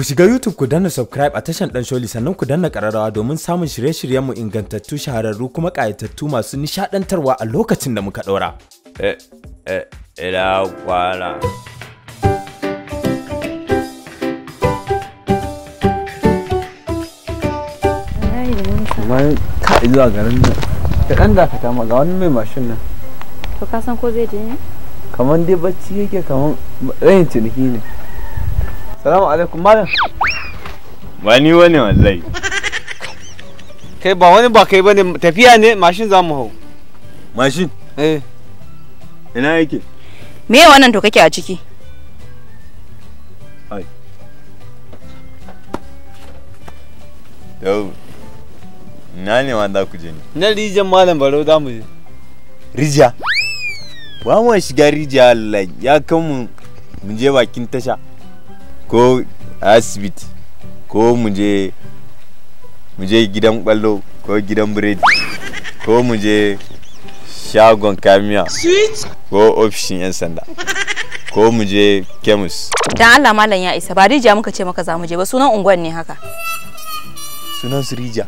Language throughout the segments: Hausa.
Ku shiga YouTube ku danna subscribe a tashan Dan Sholi sannan ku danna ƙararrawa domin samun shirye-shiryenmu ingantattu shahararru kuma ƙayatattu masu nishadantarwa a lokacin da muka ɗora. Eh, eh ila ka zuwa garin nan. Ka ɗan dakata ma ga wani mai mashin nan. To ka san ko zai je ne? kamar dai bacci yake kamar rayin ciniki ne. salamu alaikum malam ba ni wani wallahi kai ba wani ba kai bane tafiya ne mashin za mu hau mashin eh ina yake me wannan to kake a ciki ai yau na ne wanda ku je ne na rijiyar malam baro za mu je rijiya ba mu shiga rijiya ya kan mu je bakin tasha ko asibiti ko muje gidan kwallo ko gidan biredi ko muje shagon kamiya ko ofishin 'yan sanda ko muje kemis dan allah malam ya isa ba rija muka ce maka za mu je ba sunan unguwan ne haka sunan su rija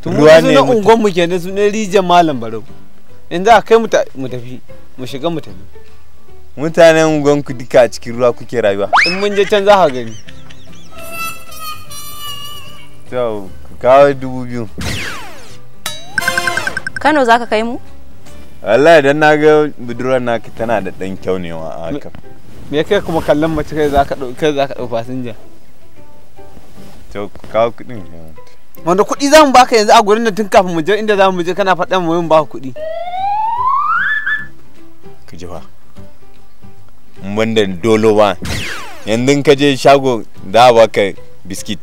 ruwa ne sunan unguwan mu kenan sunan rija malam barau in za a kai mu tafi mu shiga mu tafi mutanen gonku duka a cikin ruwa kuke rayuwa in mun je can za ka gani to kawo dubu biyu kano za ka kai mu wallahi dan na ga budurwar naka tana da dan kyau ne wa haka me kai kuma kallon mace kai za ka kai za ka ɗau fasinja to kawo kudin wanda kuɗi za mu baka yanzu a gurin da tun kafin mu je inda za mu je kana faɗa mu yin ba kuɗi ka ji ba. wanda dolo ba yanzu ka je shago da baka biskit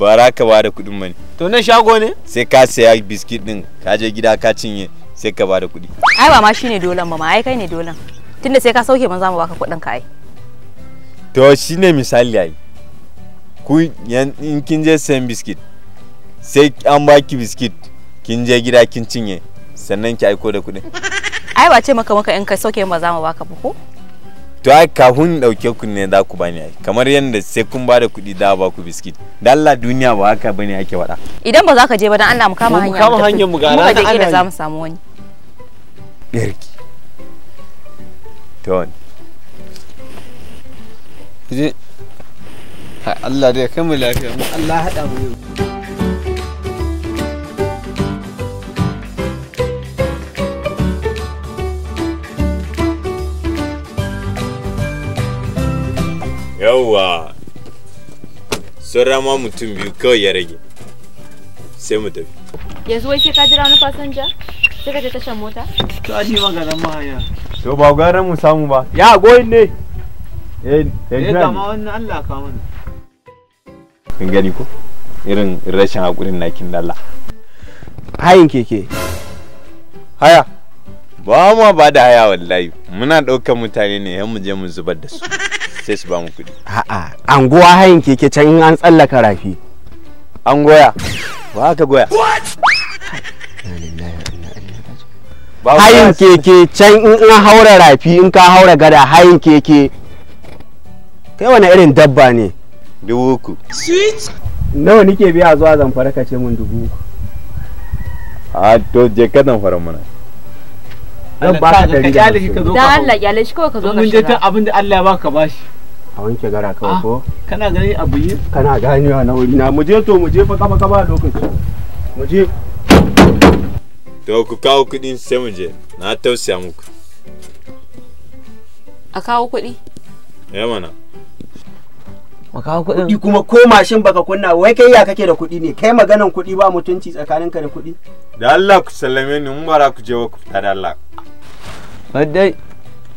ba ra ka bada kudin mani to nan shago ne sai ka saya biskit din ka je gida ka cinye sai ka bada kuɗi ai ba ma shine dolan ba ma ai kai ne dolan tunda sai ka sauke mun zamu baka kudin ka ai to shine misali ai ku in kin je sayan biskit sai an baki biskit kin je gida kin cinye sannan ki aiko da kudin ai ba ce maka maka in ka sauke mun ba baka ba ko to ai kafin dauke ku ne za ku bani ai kamar yadda sai kun ba da kuɗi da ba ku biskit da Allah duniya ba haka bane ake wada idan ba za ka je ba dan Allah mu kama hanya mu kama hanya mu ga nan da za mu samu wani yarki to je Allah dai kai mu lafiya mu Allah hada mu yawwa sauran ma mutum biyu kawai ya rage sai mu tafi yanzu wai sai ka jira wani fasinja sai ka je tashar mota to a ji ma mahaya to ba gwaran mu samu ba ya goyin ne eh eh kama wannan Allah ka mana kin gani ko irin rashin hakurin nakin Allah hayin keke haya ba mu ba da haya wallahi muna daukan mutane ne yan mu je mu zubar da su sai su ba mu kuɗi a'a anguwa hayin keke can in an tsallaka rafi an goya ba haka goya hayin keke can in an haura rafi in ka haura gada hayin keke kai wani irin dabba ne dubu uku nawa nike biya zuwa zamfara kace mun dubu uku a to je ka zamfara mana zan ba ka dari da Allah kyale shi ka zo ka shiga mun je ta abin da Allah ya baka bashi a wanke gara kawai ah, ko kana gani abu yi kana ganewa na wuri na mu je to mu je fa kafa kafa lokaci mu je to ku kawo kuɗi sai mu je na tausaya muku a kawo kudi. eh mana mu kawo kuɗin kudi kuma ko mashin baka kunna wai kai ya kake da kudi ne kai maganan kudi ba mutunci tsakaninka da kudi. da Allah ku sallame ni mu mara ku je ku fita da Allah dai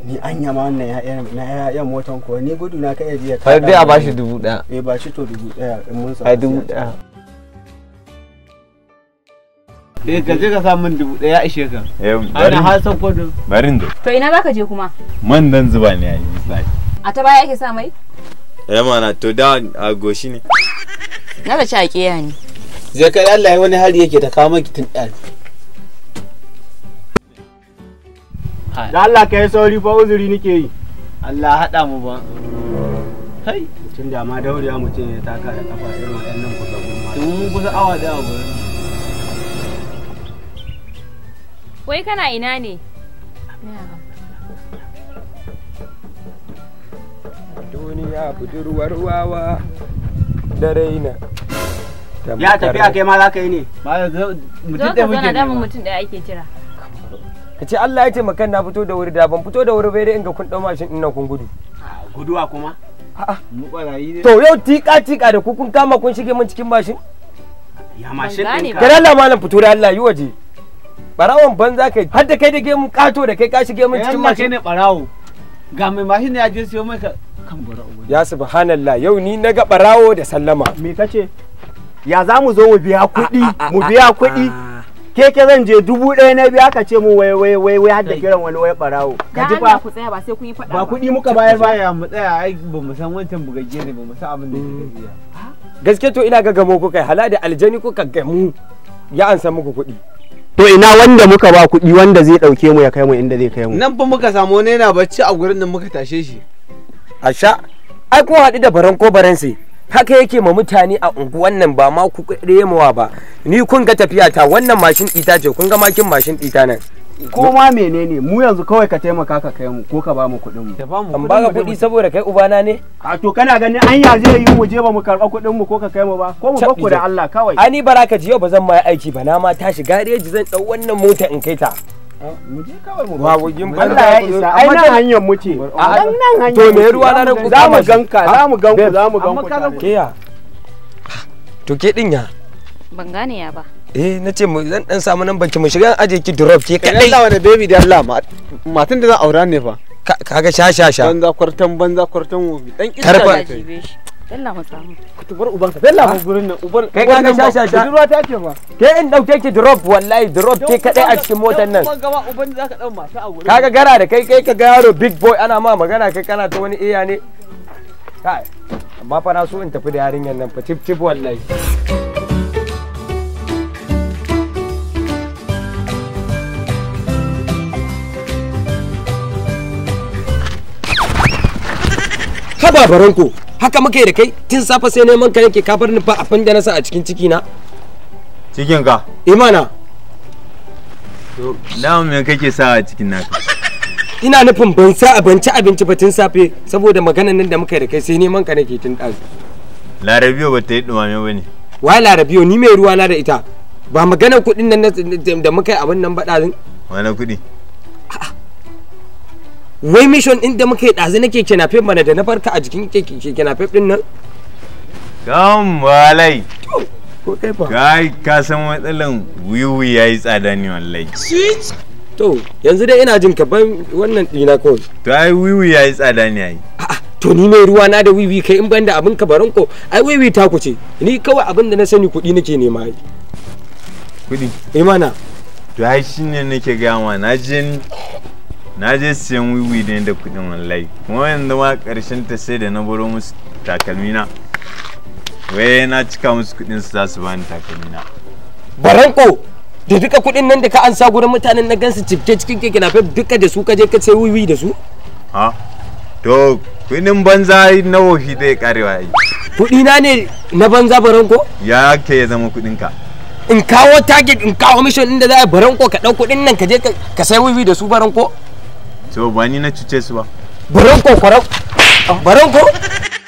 ni an yama wannan na ya'yan motan ko ni gudu na kai jiya ta dai a bashi dubu daya eh bashi to dubu daya in mun sa ai dubu daya eh ka je ka sa min dubu daya ishe ka eh, ana har san kodin barin da to ina zaka je kuma man dan zuba ne yayi misali a ta baya yake sa mai eh mana to da a goshi ne na da ci a kiya ne zai kai Allah wani hari yake ta kawo maki tun ɗari da Allah ka yi sauri fa uzuri nake yi Allah haɗa mu ba kai mutum da ma ya mutum ya taka da kafa irin waɗannan kusa gurma tun mun kusa awa da awa wai kana ina ne duniya budurwar wawa da raina ya tafiya kai ma za ka yi ne ba zana damun mutum da ake jira ka ce Allah ya ce makan na fito da wuri da ban fito da wuri bai dai inga kun dau mashin ina kun gudu guduwa kuma mu to yau tika tika da ku kun kama kun shige mun cikin mashin ya mashin ka ga Allah malam fito da Allah yi waje Barawon banza kai har da kai da gemu kato da kai ka shige mun cikin mashin ne barawo ga mai mashin ya je siyo mai kan barawo ya subhanallah yau ni na ga barawo da sallama me kace ya za mu zo mu biya kuɗi mu biya kuɗi keke zan je dubu ɗaya na biyu aka ce mu wai wai wai wai hadda kiran wani wai barawo ka ji ba ku tsaya ba sai kun yi faɗa ba kuɗi muka bayar ba ya mu tsaya ai ba mu san wancan bugagge ne ba mu san abin da ke gajiya mm. gaske to ina ga gamo kuka hala da aljani kuka gamu ya an san muku kuɗi to ina wanda muka ba kuɗi wanda zai ɗauke mu ya kai mu inda zai kai mu nan ba muka samu wani yana bacci a gurin nan muka tashe shi a sha ai ko haɗu da baran ko baran sai haka yake ma mutane a unguwan nan ba ma ku remawa ba ni kun ga tafiya ta wannan mashin ɗita ce kun ga makin mashin ɗita nan ko ma menene mu yanzu kawai ka taimaka ka kai mu ko ka ba mu kuɗin mu an ba ka kuɗi saboda kai ubana ne a to kana ganin an ya zai yi mu je ba mu karɓa kuɗin mu ko ka kai mu ba ko mu bakku da Allah kawai ani baraka ji yau ba zan ma aiki ba na ma tashi gareji zan ɗau wannan mota in kai ta mu je kawai mu ba ba Allah ya isa ai nan hanyar mu ce a nan hanyar to me ruwa na ku za mu ganka za mu ganku za mu ganku ke ya to ke din ya ban gane ya ba eh na ce zan dan samu nan banki mu shiga aje ki drop ke kadai Allah wani baby da Allah matan da zan aura ne fa kaga sha sha sha banza kwartan banza kwartan wobi dan ita karfa mu samu. Ku tubar mu gurin nan. Uban kai ka ga sha. ta ba. Ke in dauke ki drop wallahi drop ke kadai a cikin motar nan. Uban gaba uban zaka a gurin. Kaga gara da kai kai ka ga yaro big boy ana ma magana kai kana ta wani iya ne. Kai. Amma fa na so in tafi da yarinyar nan fa tip tip wallahi. Haba baranko. haka muka yi da kai tun safe sai neman ka yake bar ni ba abin da na sa a cikin ciki na cikin ka imana eh, to nawa me kake sa a cikin naka ina nufin ban sa abinci abinci ba tun safe saboda maganan nan da muka yi da kai sai neman ka nake tun dazu larabiyo ba ta yi dumame ba ne wa larabiyo ni mai ruwa na da ita ba maganar kuɗin nan da muka yi abin nan ba ɗazin wani kuɗi wai mission din da muka yi ɗazu nake kenafe mana da na farka a jikin kenafe din nan kan walai kai ka san matsalan wiwi ya yi tsada ne wallahi to yanzu dai ina jin kaban wannan dina ko to ai wiwi ya yi tsada ne ai to ni mai ruwa na da wiwi kai in ban da abin kabarin ko ai wiwi ta ku ce ni kawai abin da na sani kuɗi nake nema ai kuɗi imana eh to ai shine nake gama na jin na je siyan wiwi ne da kudin wallahi kuma yanzu ma karshen ta sai da na baro musu takalmina wai na cika musu kudin su za su bani takalmina baranko da duka kudin nan da ka ansa gurin mutanen na gansu cifke cikin keke na fef duka da su ka je ka sai wiwi da su ha to kudin banza na wofi zai karewa yi kudi na ne na banza baranko ya ke ya zama kudin ka in kawo target in kawo mission inda za a baranko ka dau kudin nan ka je ka sai wiwi da su baranko to ba ni na cuce su ba baranko kwarar baranko